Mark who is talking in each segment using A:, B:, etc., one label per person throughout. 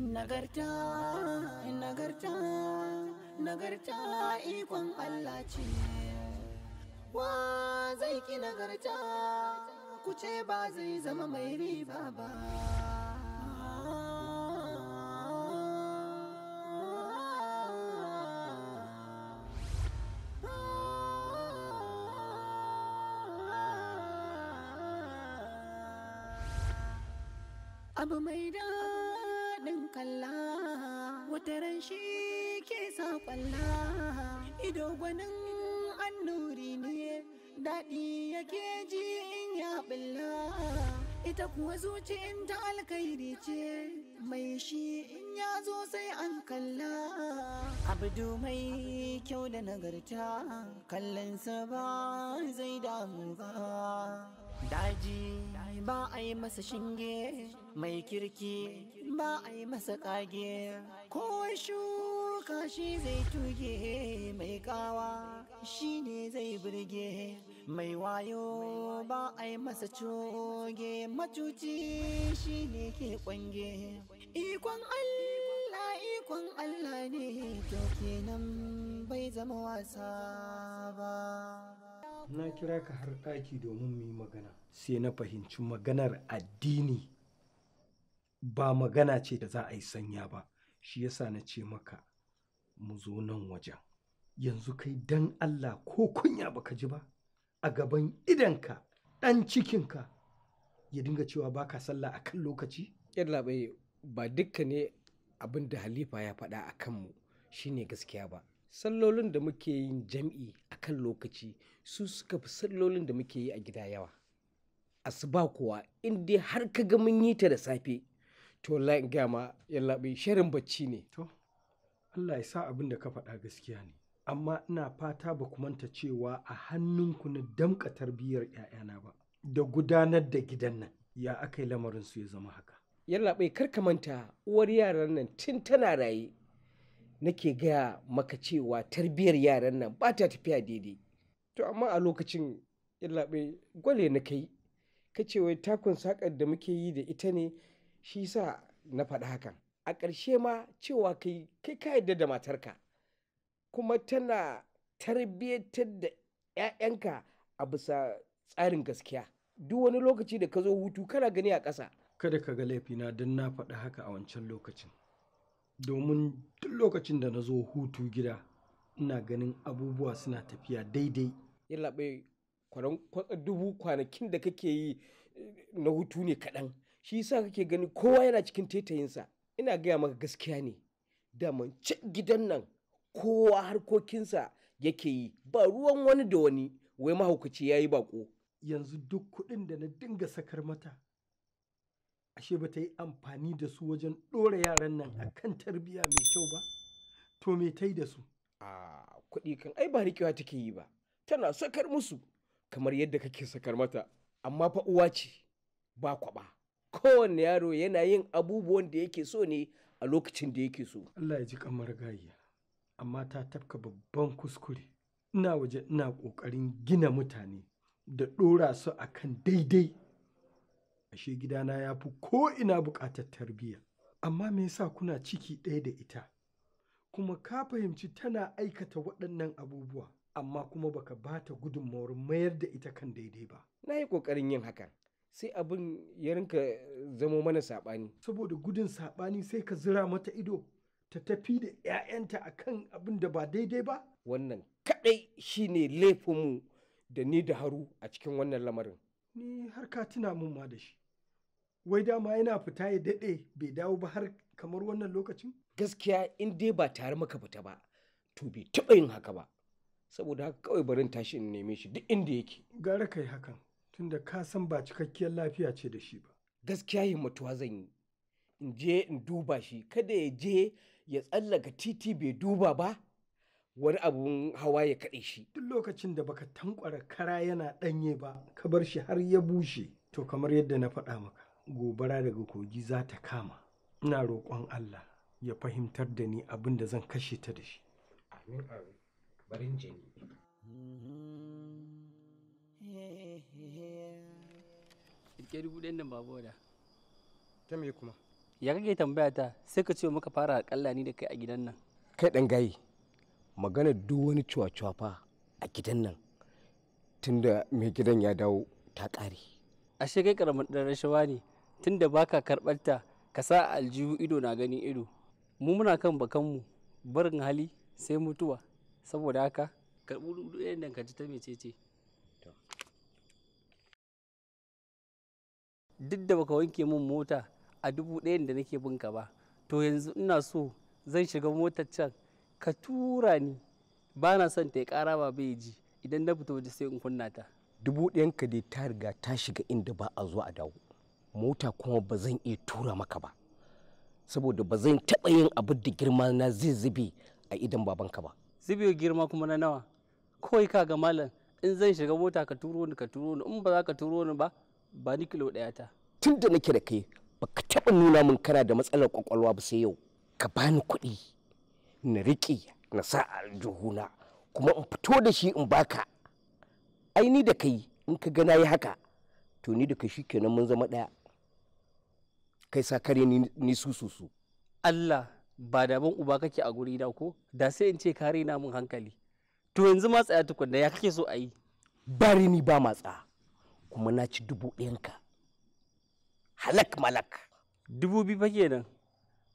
A: Nagarta, nagarta, nagarta ikon Allah ce. Wa zai ki nagarta, ku ce ba zai zama mai riba ba. Abu mai da kalla wataran shi ke sa kwalla ido gwanin annuri ne daɗi yake ji in ya ɓilla ita kuwa zuciyin ta alkairi ce mai shi in ya zo sai an kalla abdu mai kyau da nagarta kallonsa ba zai damu ba Daji ba a yi masa shinge mai kirki ba a yi masa kage ko shuka shi zai tuge mai kawa shi ne zai birge mai wayo ba a yi masa coge matuci shi ne ke kwange ikon Allah ikon Allah ne to kenan bai zama wasa ba
B: na kira ka har ɗaki domin mu yi magana sai na fahimci maganar addini ba magana ce da za a yi sanya ba shi yasa na ce maka mu zo nan wajen yanzu kai dan Allah ko kunya baka ji ba a gaban idanka ɗan cikinka ya dinga cewa baka sallah akan lokaci yalla bai ba dukkan ne abin da halifa ya faɗa a kanmu shine gaskiya ba sallolin da muke yin jam'i a kan lokaci su suka fi sallolin da muke yi a gida yawa asuba kuwa in dai har ka ga mun yi ta da safe to wallahi in gama yallaɓe sharin bacci ne to Allah ya sa abin da ka faɗa gaskiya ne amma ina fata ba ku manta cewa a hannunku na damka tarbiyyar 'ya'yana ba da gudanar da gidan nan ya aka yi lamarin su ya zama haka yallaɓai kar ka manta uwar yaran nan tun tana raye nake gaya maka cewa tarbiyyar yaran nan ba ta tafiya daidai to amma a lokacin illaɓe gwale na kai ka ce wai takun sakar da muke yi da ita ne shi sa na faɗi hakan a ƙarshe ma cewa kai kai ka yadda da matarka kuma tana tarbiyyantar da 'ya'yanka a bisa tsarin gaskiya duk wani lokaci da ka zo hutu kana gani a ƙasa kada ka ga laifina don na faɗi haka a wancan lokacin domin duk lokacin da na zo hutu gida ina ganin abubuwa suna tafiya daidai yallaɓe dubu kwanakin da kake yi eh, na hutu ne kaɗan shi sa kake gani kowa yana cikin taitayinsa ina gaya maka gaskiya ne Da mace gidan nan kowa harkokinsa yake yi ba ruwan wani da wani wai mahaukaci ya yi bako yanzu duk kuɗin da na dinga sakar mata ashe ba ta yi amfani da su wajen ɗora yaran nan a mm-hmm. kan tarbiyya mai kyau ba to me ta yi da su a kuɗi kan ai ba riƙewa take yi ba tana sakar musu kamar yadda kake sakar mata amma fa uwa ce ba kwaɓa kowanne yaro yana yin abubuwan da yake so ne a lokacin da yake so Allah ya ji kamar gayi amma ta tafka babban kuskure ina waje ina ƙoƙarin gina mutane da ɗora su akan daidai ashe gidana ya fi ko ina buƙatar tarbiyya amma me yasa kuna ciki ɗaya da ita kuma ka fahimci tana aikata waɗannan abubuwa amma kuma baka ba ta gudunmawar mayar da ita kan daidai ba na yi ƙoƙarin yin hakan sai abin ya rinka zamo mana saɓani saboda gudun saɓani sai ka zira mata ido ta tafi da 'ya'yanta kan abin da ba daidai ba wannan kaɗai shine laifinmu da ni da haru a cikin wannan lamarin ni har ka tuna mun ma da shi wai dama yana fita ya daɗe bai dawo ba har kamar wannan lokacin? Gaskiya in dai ba tare maka fita ba, to bai taɓa yin haka ba. Saboda haka kawai barin tashi in neme shi duk inda yake. Gara kai hakan, tunda ka san ba cikakkiyar lafiya ce da shi ba. Gaskiya yi mutuwa zan yi. In je in duba shi, kada ya je ya tsallaka titi bai duba ba, wani abun hawa ya kaɗe shi. Duk lokacin da baka tankwara kara yana ɗanye ba, ka bar shi har ya bushe, to kamar yadda na faɗa maka. gobara daga kogi za ta kama ina roƙon allah ya fahimtar da ni abin da zan kashe ta da shi amin
C: amin barin jini Ya kake tambaya ta sai ka ce muka fara akalla ni da kai a gidan nan.
B: Kai ɗan gayi, magana duk wani cuwa-cuwa fa a gidan nan tunda mai gidan ya dawo ta ƙare.
C: Ashe kai karamin ɗan rashawa ne tunda baka karɓar ta ka sa aljihu ido na ganin ido mu muna kan bakanmu barin hali sai mutuwa saboda haka karɓi ɗayan nan ka ji ta mecece duk da baka wanke min mota a dubu ɗayan da nake binka ba to yanzu ina so zan shiga motar can ka tura ni ba na son ta yi ƙara ba bai ji idan na fito waje sai in kunna ta
B: dubu ɗayan ka dai ta riga ta shiga inda ba a zo a dawo mota kuma ba zan iya tura maka ba saboda ba zan taɓa yin abu da girma na zai zube a idan babanka ba
C: zube girma kuma na nawa kawai ka ga malam in zan shiga mota ka turo ni ka turo ni in ba za ka turo ni ba ba ni kilo ɗaya ta
B: tun da nake da kai baka taɓa nuna min kana da matsalar kwakwalwa ba sai yau ka bani kuɗi na riƙe na sa aljuhuna aljihuna kuma in fito da shi in baka ai ni da kai in ka gana yi haka to ni da kai kenan mun zama ɗaya kai sa kare ni su su su
C: Allah ba da ban uba kake a guri na ko da sai in ce kare na mun hankali to yanzu ma tsaya tukunna ya kake so a yi bari ni ba matsa kuma na ci dubu ɗayanka halak malak dubu biyu fa kenan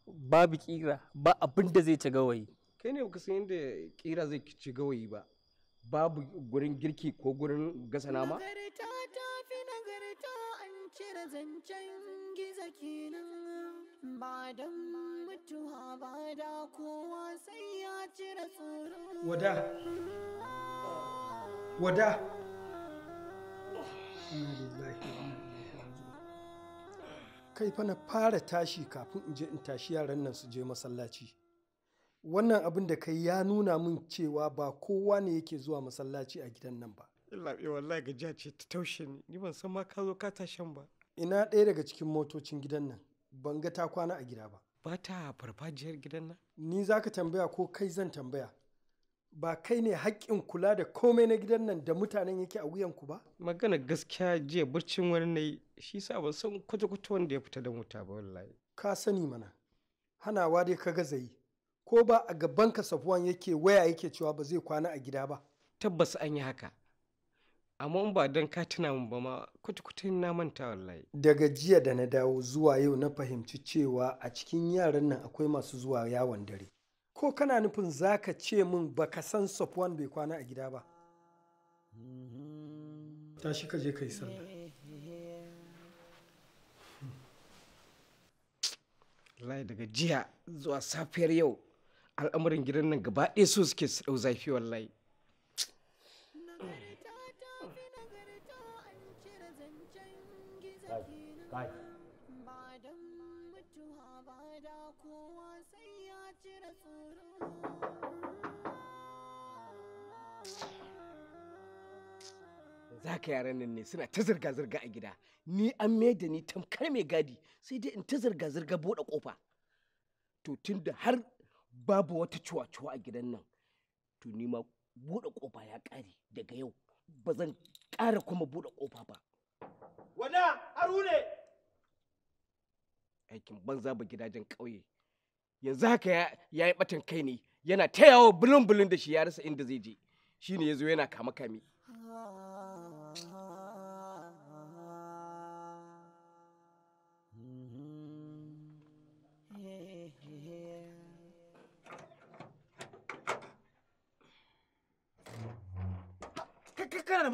C: babu kira ba abin da zai ci gawayi
B: kai ne ka san yadda kira zai ci gawayi ba babu gurin girki ko gurin gasa nama
A: cire zancen giza kenan ba don mutuwa ba da kowa sai ya cire tsoro wada
B: wada kai fa na fara tashi kafin in je in tashi yaran nan su je masallaci wannan abin da kai ya nuna min cewa ba kowa ne yake zuwa masallaci a gidan nan ba Yallaɓe wallahi gajiya ce ta taushe ni, ni ban san ma ka zo ka ba. Ina ɗaya daga cikin motocin gidan nan, ban ga ta kwana a gida ba. Ba ta farfajiyar gidan nan? Ni za ka tambaya ko kai zan tambaya. Ba kai ne haƙƙin kula da komai na gidan nan da mutanen yake a wuyanku ba? Magana gaskiya jiya burcin wani na yi, shi sa ban san kwata-kwata wanda ya fita da mota ba wallahi. Ka sani mana, hanawa dai ka gaza yi. ko ba a gaban ka safuwan yake waya yake cewa ba zai kwana a gida ba. Tabbas an yi haka, amma ba don ka tuna min ba ma kwata na manta wallahi daga jiya da na dawo zuwa yau na fahimci cewa a cikin yaran nan akwai masu zuwa yawon dare ko kana nufin za ka ce min baka san Safwan bai kwana a gida ba tashi ka je ka yi sallah wallahi daga jiya zuwa safiyar yau al'amuran gidan nan gaba ɗaya so suke su ɗau zafi wallahi za ka yaran nan ne suna ta zirga-zirga a gida ni an mai da ni tamkar mai gadi sai dai in ta zirga-zirga buɗe kofa to tun da har babu wata cuwa-cuwa a gidan nan to ni ma buɗe ƙofa ya ƙare daga yau ba zan ƙara kuma buɗe kofa ba wana harune aikin banza ba gidajen ƙauye yanzu haka ya yi ɓatan kai ne yana ta yawo bulun-bulun da shi ya rasa inda zai je shine ya zo yana kama-kami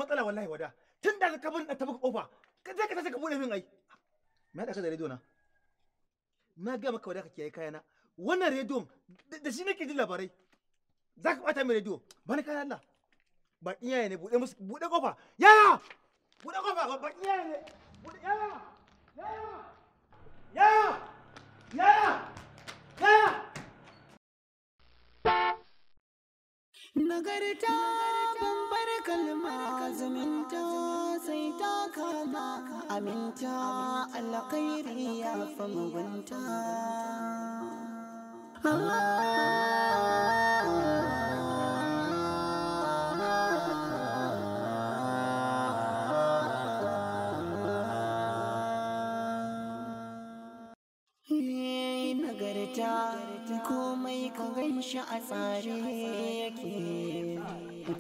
D: matsala wallahi wada tun da ka bin ta buka kofa ka je ka tashi bude min ai na da ka da radio na na ga maka wada ka kiyaye kayana wannan radio da shi nake ji labarai za ka bata min rediyo ba ni kayan Allah ba iyaye ne bude musu bude kofa ya bude kofa ba iyaye ne bude ya ya
B: ya
A: ya ya nagarta kalma zumunta sai ta kama aminta alkhairi ya fa mugunta Nagarta komai ka gan a tsare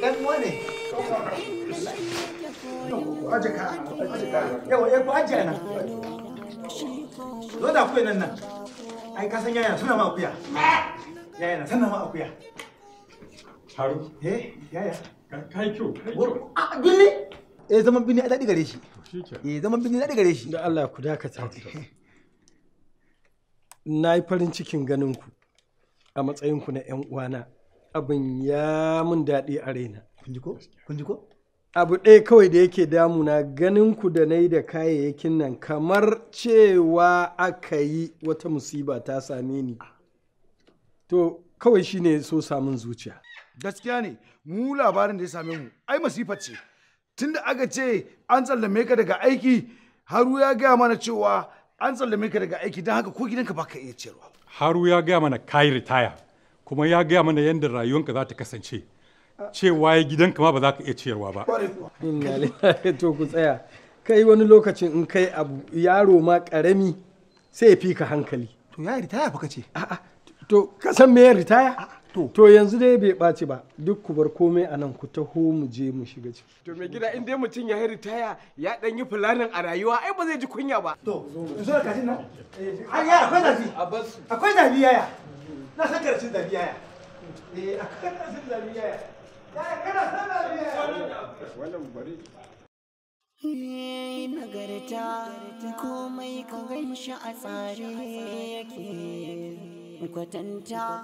A: ɗan wane aji
D: ka nan zo da nan nan ai ka san yaya ma akuya yaya na ma akuya
E: haru eh yaya kyau
B: eh zaman bini a daɗi gare shi eh zaman bini daɗi gare shi da Allah ku dakata na yi farin cikin ganin ku a matsayin ku na 'yan uwana abin ya mun daɗi a raina kun ji ko abu ɗaya kawai da yake damuna ganin ku da nai da kayayyakin nan kamar cewa aka yi wata musiba ta same ni to kawai shi ne so samun zuciya gaskiya ne mu labarin da ya same mu ai masifa ce
F: tunda aka ce an tsallame ka daga aiki haru ya gaya mana cewa an tsallame ka daga aiki don haka ko gidanka baka iya cewa
E: haru ya gaya mana kayi ritaya kuma ya gaya mana yadda rayuwanka za ta kasance cewa ya gidanka ma ba za ka iya ciyarwa ba
B: to ku tsaya kai wani lokacin in kai abu yaro ma karami sai ya fi ka hankali to ya ritaya fa ce a'a to ka san me ritaya to yanzu dai bai ɓaci ba duk ku bar komai a nan ku taho mu je mu shiga ciki to mai gida in dai mutum ya ritaya ya dan yi fulanin a rayuwa ai ba zai ji kunya ba to zo ka ji nan ai ya akwai zafi akwai zafi yaya na san karshen zafi yaya eh akwai karshen zafi yaya yaya kana san zafi yaya wannan bari
A: eh, nagarta komai ka gan shi a tsare yake kwatanta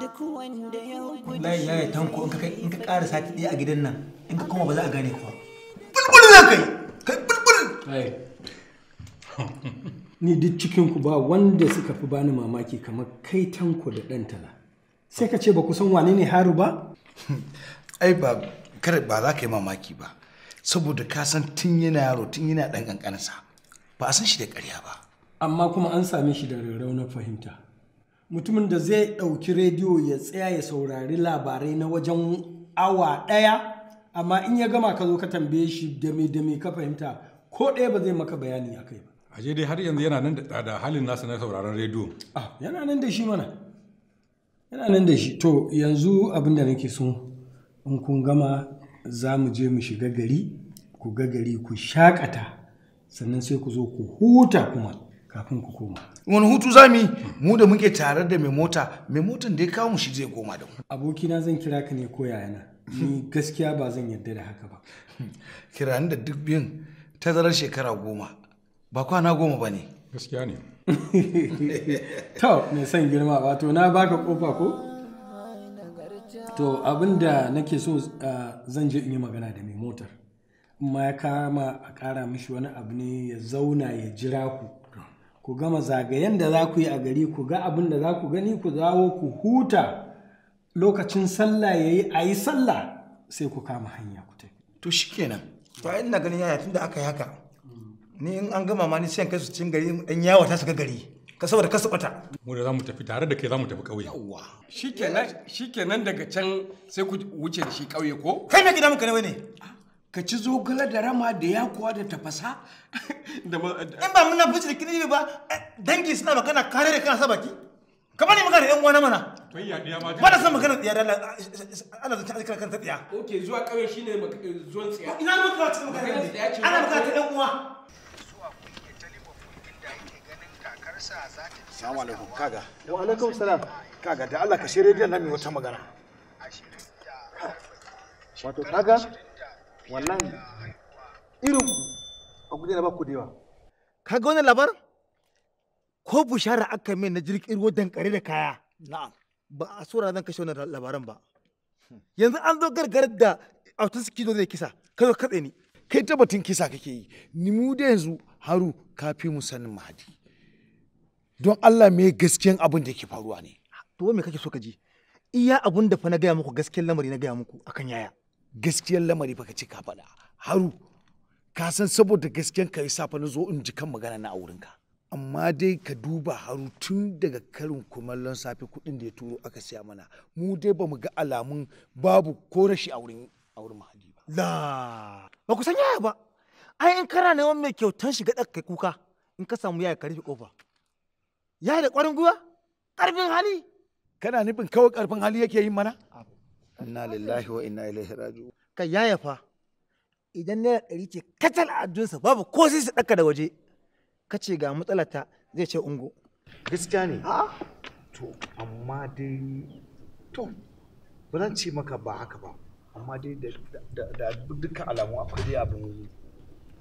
A: duk wanda ya tanko
D: in ka in a gidan nan in ka koma ba a gane kuwa bulbul za kai
B: kai ni duk cikin ku ba wanda suka fi bani mamaki kamar kai tanko da ɗan sai ka ce ba ku san wane ne haru ba ai ba kar ba za ka yi mamaki ba
F: saboda ka san tun yana yaro tun yana ɗan ƙanƙansa ba a san shi da ƙarya ba
B: amma kuma an same shi da rarraunar fahimta mutumin da zai ɗauki rediyo ya tsaya ya saurari labarai na wajen awa ɗaya amma in ya gama ka zo ka tambaye shi dame dame ka fahimta ko ɗaya ba zai maka bayani a kai
E: ba a dai har yanzu yana nan da halin nasa na sauraron rediyo
B: ah yana nan da shi mana yana nan da shi to yanzu abin da nake so in kun gama za mu je mu shiga gari ku ga gari ku shakata sannan sai ku zo ku huta kuma kafin ku koma wani hutu za mu yi mu da muke tare da mai mota mai motan da ya kawo shi zai koma da mu abokina zan kira ka ne ko yayana ni gaskiya ba zan yarda da haka ba kiran da duk biyun tazarar shekara goma ba kwana goma ba ne gaskiya ne to mai son girma wato na baka kofa ko
C: to abinda
B: nake so zan je in yi magana da mai motar ma ya kama a kara mishi wani abu ne ya zauna ya jira ku ku gama zagayen da za ku yi a gari ku ga abin da za ku gani ku dawo ku huta lokacin sallah ya yi a yi sallah sai ku kama hanya ku tafi. To shi kenan,
D: to ina ganin yaya tun da aka yi haka. Ni in an gama ma ni sai kai su cin gari in yawa ta shiga
B: gari. Ka saboda ka bata.
E: Mu da zamu tafi tare da kai zamu tafi ƙauye. yawa
B: Shi kenan daga can sai ku wuce da shi ƙauye ko? Kai me gida muka ne? ka ci zogale da rama da yakuwa da tafasa in ba muna fushi da kini ba
D: eh, dangi suna magana kare da kan sa baki ka bani magana yan uwa mana ba da san magana tsiya da ala zance a kan tsiya
B: ok zuwa kawai shine eh, zuwan tsiya ina
D: maka
A: cikin magana ana magana ta yan uwa
F: Assalamu alaikum kaga. Wa alaikum salam. Kaga da Allah ka shirye da nan mai wata magana.
D: Wato kaga wannan irin ku a guje na baku da ka ga wannan labar ko bushara aka min na jirgin ruwa dankare da kaya na'am ba a sura kashe wannan labaran ba yanzu an zo gargarar da autan suke zo zai kisa ka zo katse ne.
F: kai tabbatin kisa kake yi ni mu da yanzu haru ka fi mu sanin mahadi
D: don Allah me gaskiyan abin da yake faruwa ne to me kake so ka ji iya abun da fa na gaya muku gaskiyar lamari na gaya muku akan yaya gaskiyar lamari fa ka ce ka faɗa haru
F: ka san saboda gaskiyar ka yi safa na zo in ji kan magana na auren ka amma dai ka duba haru tun daga karin kumallon safe kuɗin da ya turo aka siya mana mu dai
D: ba mu ga alamun babu ko rashi a auren mahadi ba la ba ku san yaya ba ai in kana wani mai kyautan shiga ɗaka kai kuka in ka samu yaya karfi ƙofa? kofa yaya da ƙwarin gwiwa ƙarfin hali kana nufin kawai ƙarfin hali yake yin mana inna lillahi wa inna ilaihi raji ka yaya fa idan naira ɗari ce kacal a addunsa babu ko sai su ɗaka da waje ka ce ga matsalata zai ce ungo gaskiya ne to amma dai to ba zan ce maka ba haka ba
F: amma dai da dukkan alamu akwai dai abin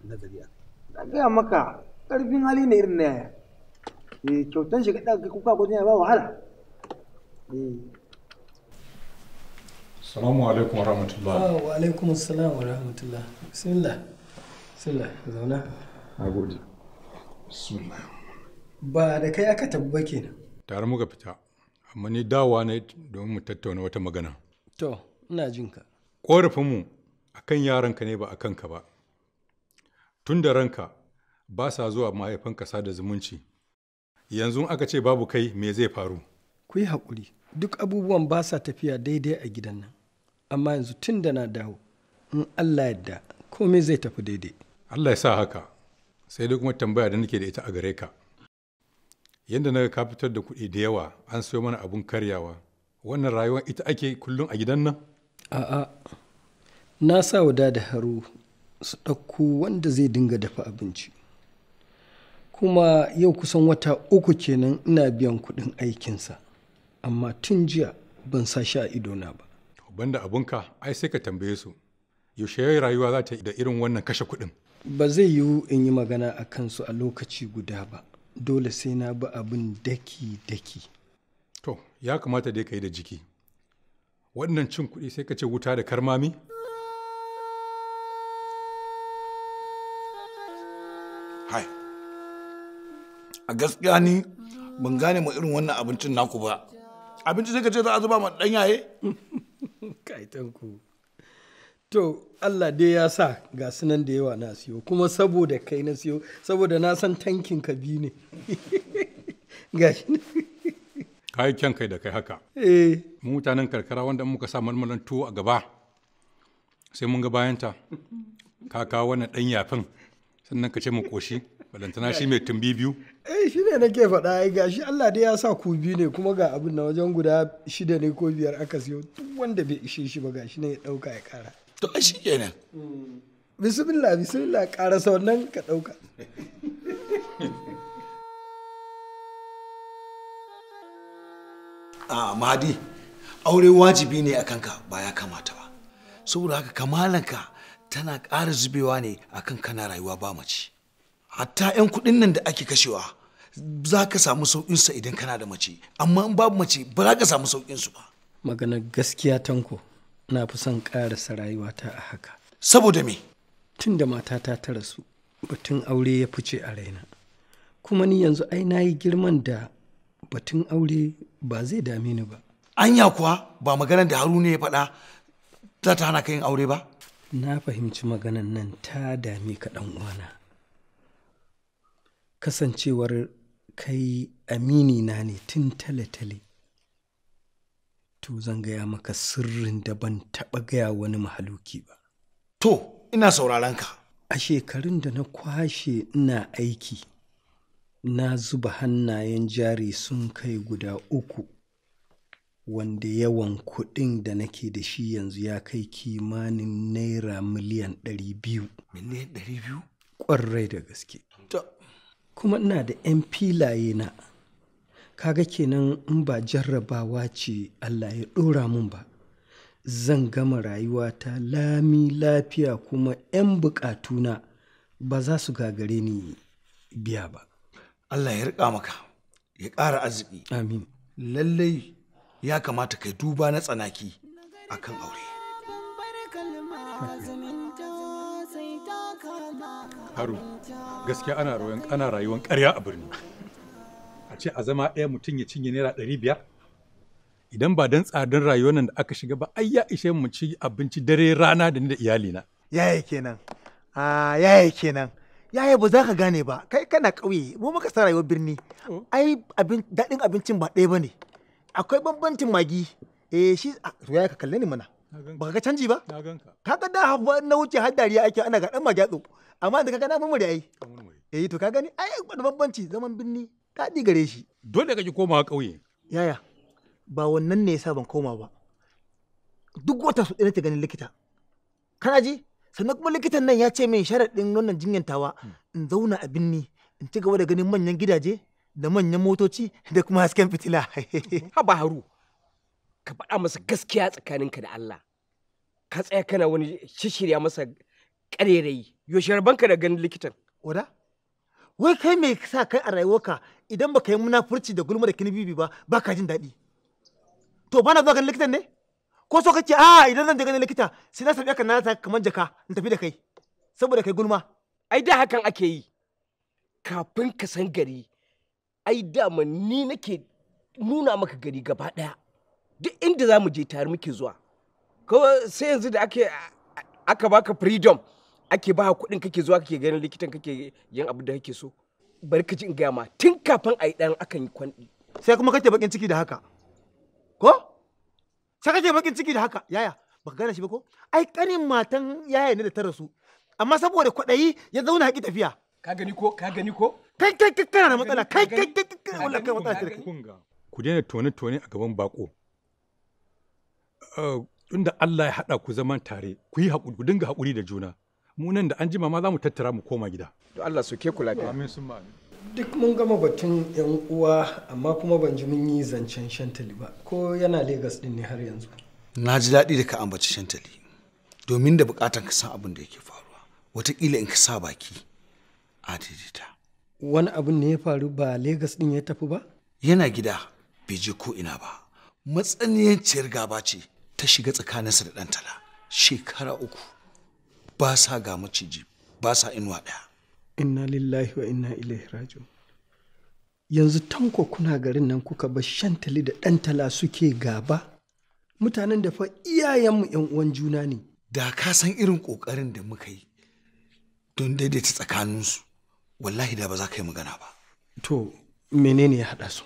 F: nazari
D: a gaya maka ƙarfin hali ne irin na yaya eh, kyautan shiga ɗaga kuka ko ya ba wahala eh.
B: Salamu alaikum wa rahmatullah. Ah, wa alaikum salam wa rahmatullah. Bismillah. Bismillah. Zauna.
E: Na Bismillah.
B: Ba da kai aka tabbaki. kenan.
E: Tare muka fita, amma ni dawa ne domin mu tattauna wata magana.
B: To, ina jin ka.
E: Ƙorafinmu a kan yaranka ne ba a ka ba. Tun da ranka ba sa zuwa mahaifinka sada zumunci. Yanzu aka ce babu kai me zai faru?
B: Ku yi haƙuri, duk abubuwan ba sa tafiya daidai a gidan nan. amma yanzu tun da na dawo in allah yadda komai zai tafi daidai
E: allah ya sa haka sai dai kuma tambaya da nake da ita a gare ka yadda na ka fitar da kuɗi da yawa an sayo mana abun karyawa wannan rayuwar ita ake kullum
B: a gidan nan a'a na sa wada da haru su ɗauko wanda zai dinga dafa abinci kuma yau kusan wata uku kenan ina biyan kuɗin aikinsa amma tun jiya ban sa shi a idona ba
E: banda abunka ai sai ka tambaye su yaushe rayuwa za ta da irin wannan kashe kuɗin
B: ba zai yiwu in yi magana a kansu a lokaci guda ba dole sai na bi abin daki-daki to
E: ya kamata dai ka yi da jiki waɗannan cin kuɗi sai ka ce wuta da karmami hai a gaskiya
F: ni ban gane mu irin wannan abincin naku ba abinci sai ka ce za a zuba ma ɗanyaye
B: kaitanku to allah dai ya sa ga sunan da yawa na siyo kuma saboda kai na siyo saboda na san tankin ka bi ne
E: gashi kai kyan kai da kai haka eh mutanen karkara wanda muka sa malmalan tuwo a gaba sai mun ga bayanta ka kawo wannan dan yafin sannan ka ce mu koshi balantana shi mai tumbi biyu
B: eh shi ne nake faɗa ai gashi Allah dai ya sa ku biyu ne kuma ga abin na wajen guda shida ne ko biyar aka siyo duk wanda bai ishe shi ba gashi ne ya ɗauka ya ƙara to a shi kenan mm. bismillah bismillah ƙara sa wannan ka ɗauka
F: a ah, mahadi aure wajibi ne a kanka ba ya kamata ba saboda haka kamalanka tana ƙara zubewa ne akan kana rayuwa ba mace hatta 'yan kuɗin nan da ake kashewa za ka samu sauƙinsa idan kana da mace amma in babu mace ba za ka samu sauƙinsu ba
B: maganar gaskiya tanko na fi son ƙarasa rayuwata a haka saboda me tun da matata ta rasu batun aure ya fice a raina kuma ni yanzu ai na yi girman da batun aure ba zai dame ni ba anya kuwa ba
F: maganar da haruna ya faɗa za ta hana ka yin aure ba
B: na fahimci maganar nan ta dame ka ɗan uwana kasancewar kai Amini na ne tun tale-tale to zan gaya maka sirrin da ban taɓa gaya wani mahaluki ba to ina sauraron ka a shekarun da na kwashe ina aiki na zuba hannayen jari sun kai guda uku wanda yawan kuɗin da nake da shi yanzu ya kai kimanin naira miliyan ɗari biyu miliyan ɗari biyu ƙwarai da gaske kuma ina da 'yan filaye na kaga kenan in ba jarrabawa ce allah ya ɗora mun ba zan gama rayuwata lami lafiya kuma 'yan buƙatuna ba za su gagare ni biya ba
F: allah ya riƙa maka ya ƙara arziki amin lallai ya kamata kai duba na tsanaki
E: a kan aure haru gaskiya ana rayuwar ana rayuwar ƙarya a birni a ce a zama ɗaya mutum ya cinye naira ɗari biyar idan ba don tsadar rayuwar nan da aka shiga ba ai ya ishe mu ci abinci dare rana da ni da iyalina
D: yaya kenan a ah, yaya kenan yaya ba za ka gane ba kai kana ƙauye mu muka sa rayuwar birni ai daɗin abincin ba ɗaya ba ne akwai bambancin magi eh shi ah, to ka kalle ni mana baka ga canji ba ka da hawa na wuce har dariya ake ana ga dan magyatsu amma da kaga na murmure ai eh to ka gani ai wani bambanci zaman binni
E: di gare shi dole kake komawa kauye.
D: yaya ba wannan ne yasa ban koma ba duk wata su ta ganin likita kana ji sannan kuma likitan nan ya ce min sharaɗin wannan jinyantawa hmm. in zauna a binni in ci gaba da ganin manyan gidaje da manyan motoci da kuma hasken fitila ba haru ka faɗa masa gaskiya
B: tsakaninka da Allah ka tsaya kana wani shishirya masa ƙarerayi yaushe rabanka da ganin likitan oda wai kai mai sa kai a rayuwarka idan
D: baka yi munafurci da gulma da kinibibi ba baka jin daɗi to bana zuwa ganin likitan ne ko so kake a ah, idan zan je ganin likita sai na sami ka na ta kamar jaka in tafi da kai
B: saboda kai gulma ai da hakan ake yi kafin ka san gari ai da ni nake nuna maka gari gaba daya. duk inda za mu je tare muke zuwa ko sai yanzu da ake aka baka freedom ake baka kuɗin kake zuwa kake ganin likitan kake yin abu da kake so bari ka ji in gaya ma tun kafin a yi ɗan akan yi kwanɗi sai kuma kake bakin ciki da haka ko sai
D: kake bakin ciki da haka yaya baka gane shi ba ko ai kanin matan yaya ne da ta rasu amma saboda kwaɗayi ya zauna haƙi tafiya ka gani ko ka gani ko kai kai kai kana da matsala kai kai kai kai wallahi kai matsala
E: ku daina tone tone a gaban bako Eh, tunda Allah ya haɗa ku zaman tare ku yi haƙuri ku dinga haƙuri da juna mu nan da an jima ma za mu tattara mu koma gida to Allah su ke ku
B: lafiya amin duk mun gama batun yan uwa amma kuma ban ji mun yi zancen shantali ba ko yana Legas din ne har yanzu
F: na ji daɗi da ka ambaci shantali domin da buƙatar ka san abin da yake faruwa wataƙila in ka sa baki a daidaita
B: wani abin ne ya faru ba Legas din ya tafi ba
F: yana gida bai je ko ina ba matsaniyanciyar gaba ce ta shiga tsakaninsa da ɗantala shekara uku ba sa ga maciji ba sa inuwa ɗaya
B: inna lillahi wa inna ilaihi raji'un yanzu tanko kuna garin nan kuka bar shantali da ɗantala suke gaba mutanen da fa iyayenmu yan uwan juna ne da ka san irin ƙoƙarin da muka yi
F: don daidaita tsakaninsu wallahi da ba za ka yi magana ba to menene ya haɗa su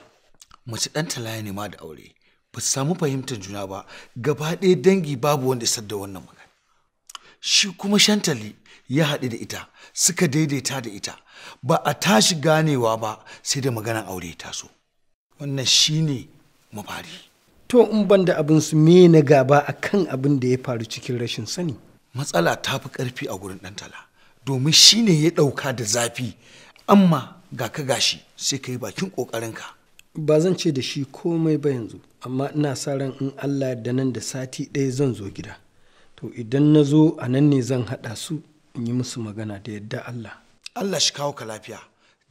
F: mace ɗantala ya nema da aure ba samu fahimtar juna ba gaba ɗaya dangi babu wanda isar da wannan magana shi kuma shantali ya haɗu da ita suka daidaita da ita ba a tashi ganewa ba sai da maganar aure ta so wannan shi ne mafari to in ban da abin su me na gaba a kan abin da ya faru cikin rashin sani matsala ta fi ƙarfi a gurin ɗan tala domin shi ne ya ɗauka da zafi amma ga ka gashi sai ka yi bakin
B: ƙoƙarinka ba zan ce da shi komai ba yanzu amma ina sa ran in allah da nan da sati ɗaya zan zo gida to idan na zo a nan ne zan haɗa su in yi musu magana da yadda allah allah shi kawo ka lafiya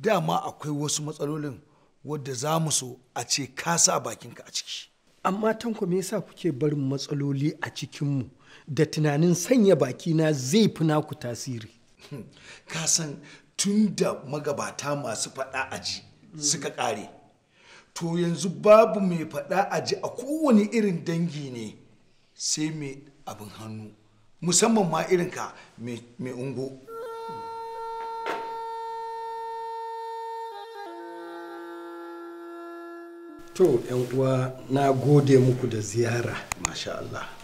B: dama akwai wasu matsalolin
F: wadda za mu so a ce ka sa bakinka a ciki
B: amma tanko me yasa kuke barin matsaloli a cikinmu da tunanin sanya bakina zai fi naku tasiri
F: hmm. ka san tun da magabata masu faɗa aji suka ƙare to yanzu babu mai faɗa a ji a kowane irin dangi ne sai mai abin hannu musamman ma irinka mai ungo
B: to 'yan uwa na gode muku da ziyara masha Allah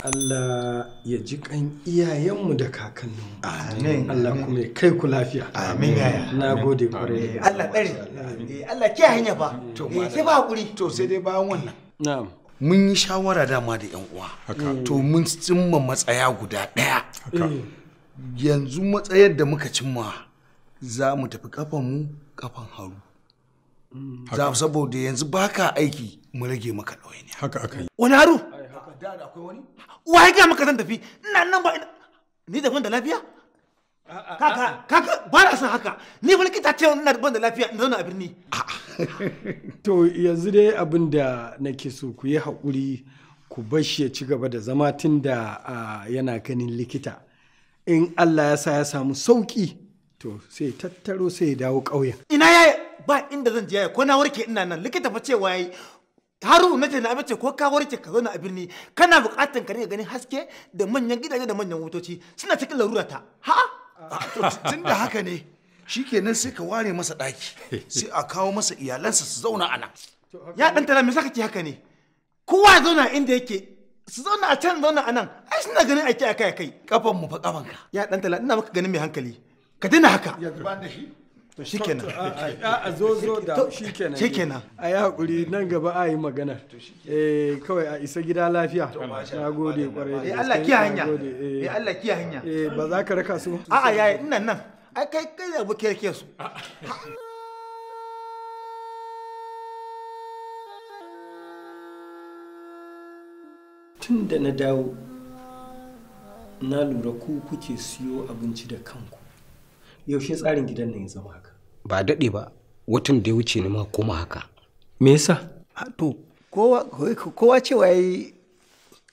B: Allah ya ji kan iyayenmu da kakanninmu. Amin. Allah kuma ya kai ku lafiya. Amin Na gode kwarai. Allah
D: tsare. Eh, Allah
F: ke hanya ba. To eh, sai ba hakuri. To sai dai bayan wannan.
B: Na'am. Mun yi shawara dama da yan
F: uwa. Haka. Mm. To mun cimma matsaya guda ɗaya. Haka. Mm. Yanzu matsayar da muka cimma za mu tafi kafan mu kafan haru. Mm. Za saboda yanzu baka aiki mu rage maka ne. Haka aka yi.
D: Wani haru? da akwai wani? wai ga maka zan tafi ina nan ba ni da ban da lafiya kaka kaka ba na son haka ni ba likita ce ina ban da lafiya na zauna a birni
B: to yanzu dai abin da nake so ku yi haƙuri ku bashi ya ci gaba da zama tun da yana ganin likita in Allah ya sa ya samu sauki to sai tattaro sai ya dawo ƙauyen ina yaya ba inda zan je
D: ko na warke ina nan likita fa cewa yayi haru na ce na abace ko ka warke ka zauna a birni kana bukatan ka ne ganin haske da manyan gidaje da manyan motoci suna cikin larura ta ha tun da haka ne shikenan sai ka ware masa daki sai a kawo masa iyalansa su zauna a nan ya dan tala me saka ki haka ne kowa zauna inda yake su zauna a can zauna a nan ai suna ganin aiki akai akai kafan mu fa kafan ka ya dan tala ina maka ganin mai
B: hankali ka dina haka yanzu ban da shi shikenan a zo zo da shikenan shikenan a yi hakuri nan gaba a yi magana eh, kawai a isa gida lafiya na gode kwarai eh Allah kiya eh. eh, hanya eh Allah kiya hanya ba za ka raka su a a yayi
D: ina nan ai kai kai da buke ke su ah.
B: tun da na dawo na lura ku kuke siyo abinci da kanku yaushe tsarin gidan nan ya zama haka ba daɗe ba watan da ya wuce ne ma koma haka me yasa to kowa kowa cewa yi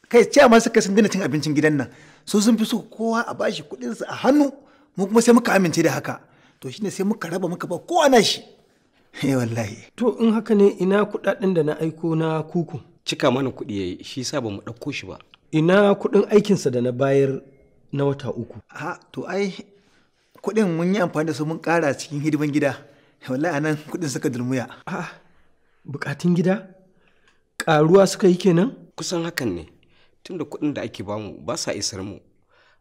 D: kai ce masa kasan sun dina cin abincin gidan nan so sun fi so kowa a bashi kuɗin sa a hannu mu kuma sai muka amince da haka to shine sai muka raba muka ba kowa na shi eh wallahi
B: to in haka ne ina kuɗaɗen da na aiko na kuku cika mana kuɗi yayi shi yasa ba mu ɗauko shi ba ina kuɗin aikinsa da na bayar na wata uku a to ai
D: kuɗin mun yi amfani da su mun ƙara cikin hidiman gida wallahi anan kuɗin suka dulmuya
B: a'a bukatun gida ƙaruwa suka yi kenan kusan hakan ne tunda kuɗin da ake bamu ba sa isar mu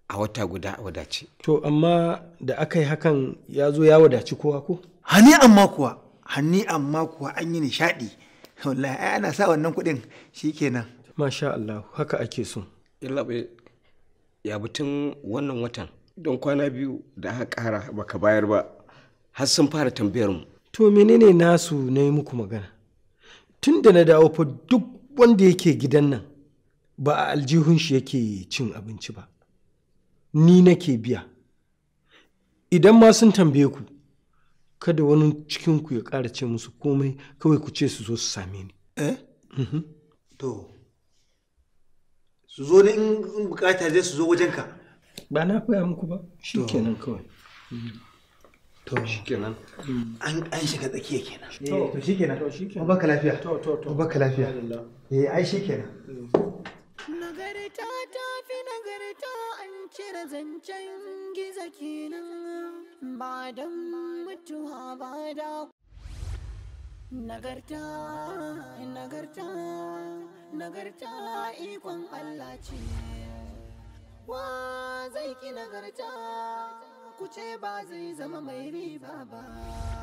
B: a wata guda a wadace. To amma da aka yi hakan ya zo ya wadaci kowa ko? Hani amma kuwa, hani amma
D: kuwa an yi nishaɗi. Wallahi ai ana sa wannan kuɗin shi kenan. Masha Allah
B: haka ake so. Yallaɓe ya batun wannan watan don kwana biyu da aka ƙara baka bayar ba har sun fara tambayar mu to menene nasu na yi muku magana tun da na dawo fa duk wanda yake gidan nan ba a aljihun shi yake cin abinci ba ni nake biya idan ma sun tambaye ku kada wani cikinku ya ƙara ce musu komai kawai ku ce su zo su same ni eh mhm.
D: to su zo in bukata zai su zo wajenka
B: ba na koya muku ba shi kenan kawai
D: to shi kenan an an shiga tsakiya kenan to shi kenan to shi kenan baka lafiya to to to baka lafiya eh ai shi kenan nagarta ta fi nagarta
A: an cire zancen giza kenan ba dan mutuwa ba da Nagarta, nagarta, nagarta ikon Allah ce. wa zai ki nagarta ku ce ba zai zama mai riba ba